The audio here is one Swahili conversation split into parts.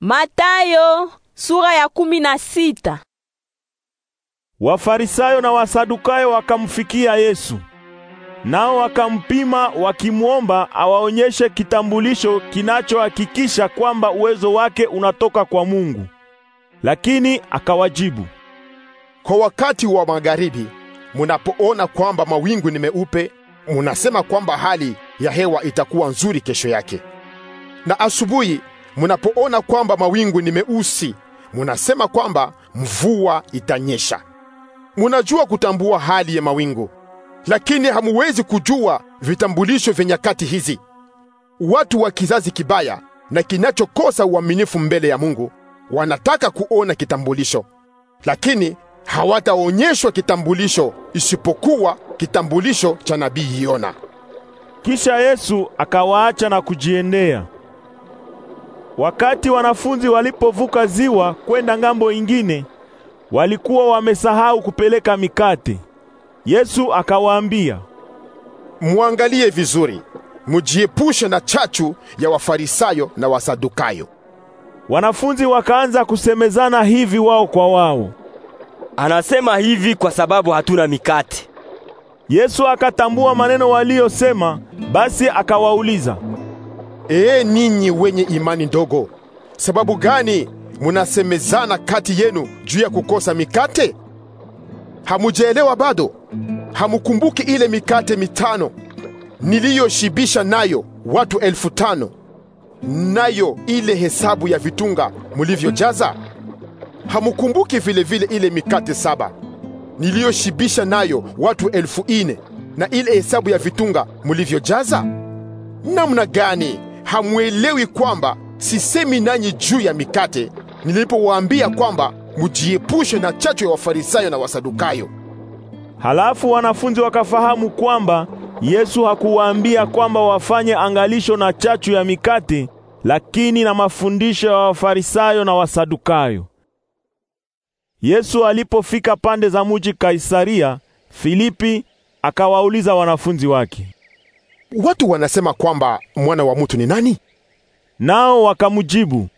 Matayo sura ya kumi na sita. Wafarisayo na Wasadukayo wakamfikia Yesu. Nao wakampima wakimwomba awaonyeshe kitambulisho kinachohakikisha kwamba uwezo wake unatoka kwa Mungu. Lakini akawajibu, Kwa wakati wa magharibi munapoona kwamba mawingu ni meupe, munasema kwamba hali ya hewa itakuwa nzuri kesho yake. Na asubuhi munapoona kwamba mawingu ni meusi, munasema kwamba mvua itanyesha. Munajua kutambua hali ya mawingu, lakini hamuwezi kujua vitambulisho vya nyakati hizi. Watu wa kizazi kibaya na kinachokosa uaminifu mbele ya Mungu wanataka kuona kitambulisho, lakini hawataonyeshwa kitambulisho isipokuwa kitambulisho cha nabii Yona. Kisha Yesu akawaacha na kujiendea. Wakati wanafunzi walipovuka ziwa kwenda ng'ambo ingine, walikuwa wamesahau kupeleka mikate. Yesu akawaambia, muangalie vizuri, mujiepushe na chachu ya Wafarisayo na Wasadukayo. Wanafunzi wakaanza kusemezana hivi wao kwa wao, anasema hivi kwa sababu hatuna mikate. Yesu akatambua maneno waliyosema, basi akawauliza Ee ninyi wenye imani ndogo, sababu gani munasemezana kati yenu juu ya kukosa mikate? Hamujaelewa bado? Hamukumbuki ile mikate mitano niliyoshibisha nayo watu elfu tano nayo ile hesabu ya vitunga mulivyojaza? Hamukumbuki vilevile ile mikate saba niliyoshibisha nayo watu elfu ine na ile hesabu ya vitunga mulivyojaza? Namna gani hamwelewi kwamba sisemi nanyi juu ya mikate nilipowaambia kwamba mujiepushe na chachu ya Wafarisayo na Wasadukayo? Halafu wanafunzi wakafahamu kwamba Yesu hakuwaambia kwamba wafanye angalisho na chachu ya mikate, lakini na mafundisho ya Wafarisayo na Wasadukayo. Yesu alipofika pande za muji Kaisaria Filipi, akawauliza wanafunzi wake, watu wanasema kwamba mwana wa mtu ni nani? Nao wakamjibu,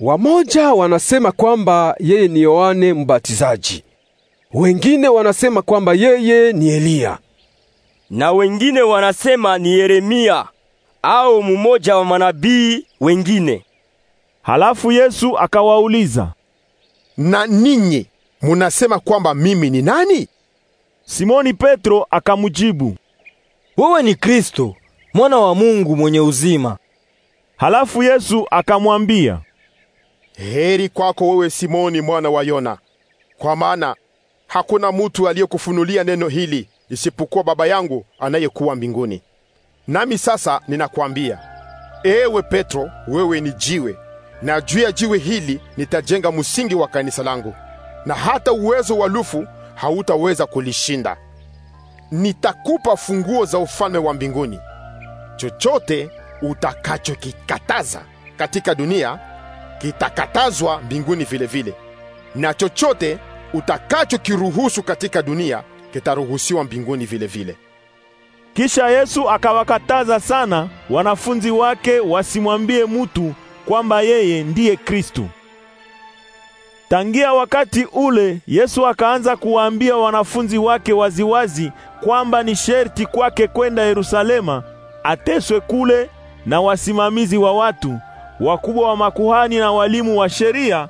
wamoja wanasema kwamba yeye ni Yohane Mbatizaji, wengine wanasema kwamba yeye ni Eliya, na wengine wanasema ni Yeremia au mmoja wa manabii wengine. Halafu Yesu akawauliza, na ninyi munasema kwamba mimi ni nani? Simoni Petro akamjibu, wewe ni Kristo mwana wa Mungu mwenye uzima. Halafu Yesu akamwambia, heri kwako wewe Simoni mwana wa Yona, kwa maana hakuna mutu aliyekufunulia neno hili isipokuwa Baba yangu anayekuwa mbinguni. Nami sasa ninakwambia, ewe Petro, wewe ni jiwe, na juu ya jiwe hili nitajenga msingi wa kanisa langu, na hata uwezo wa lufu hautaweza kulishinda nitakupa funguo za ufalme wa mbinguni. Chochote utakachokikataza katika dunia kitakatazwa mbinguni vile vile, na chochote utakachokiruhusu katika dunia kitaruhusiwa mbinguni vile vile. Kisha Yesu akawakataza sana wanafunzi wake wasimwambie mutu kwamba yeye ndiye Kristo. Tangia wakati ule Yesu akaanza kuwaambia wanafunzi wake waziwazi kwamba ni sherti kwake kwenda Yerusalema, ateswe kule na wasimamizi wa watu, wakubwa wa makuhani na walimu wa sheria,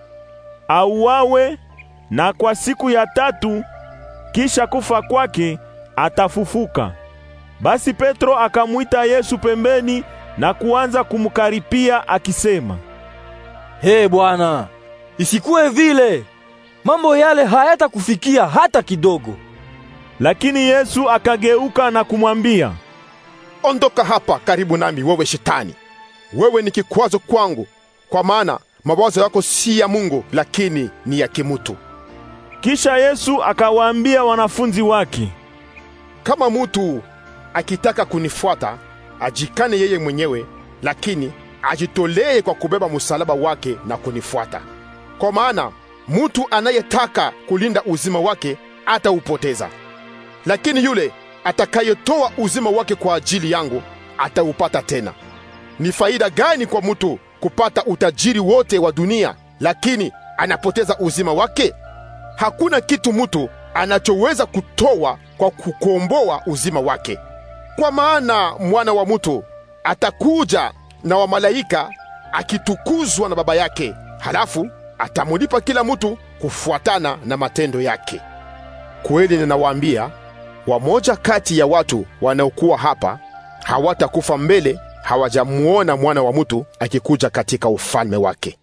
auawe na kwa siku ya tatu kisha kufa kwake atafufuka. Basi Petro akamwita Yesu pembeni na kuanza kumkaripia akisema, He Bwana, isikuwe vile, mambo yale hayatakufikia hata kidogo. Lakini Yesu akageuka na kumwambia, ondoka hapa karibu nami, wewe Shetani! Wewe ni kikwazo kwangu, kwa maana mawazo yako si ya Mungu, lakini ni ya kimutu. Kisha Yesu akawaambia wanafunzi wake, kama mutu akitaka kunifuata ajikane yeye mwenyewe, lakini ajitolee kwa kubeba msalaba wake na kunifuata. Kwa maana mtu anayetaka kulinda uzima wake ataupoteza, lakini yule atakayetoa uzima wake kwa ajili yangu ataupata tena. Ni faida gani kwa mtu kupata utajiri wote wa dunia, lakini anapoteza uzima wake? Hakuna kitu mtu anachoweza kutoa kwa kukomboa uzima wake. Kwa maana mwana wa mtu atakuja na wamalaika akitukuzwa na Baba yake, halafu atamulipa kila mtu kufuatana na matendo yake. Kweli ninawaambia, wamoja kati ya watu wanaokuwa hapa hawatakufa mbele hawajamuona mwana wa mtu akikuja katika ufalme wake.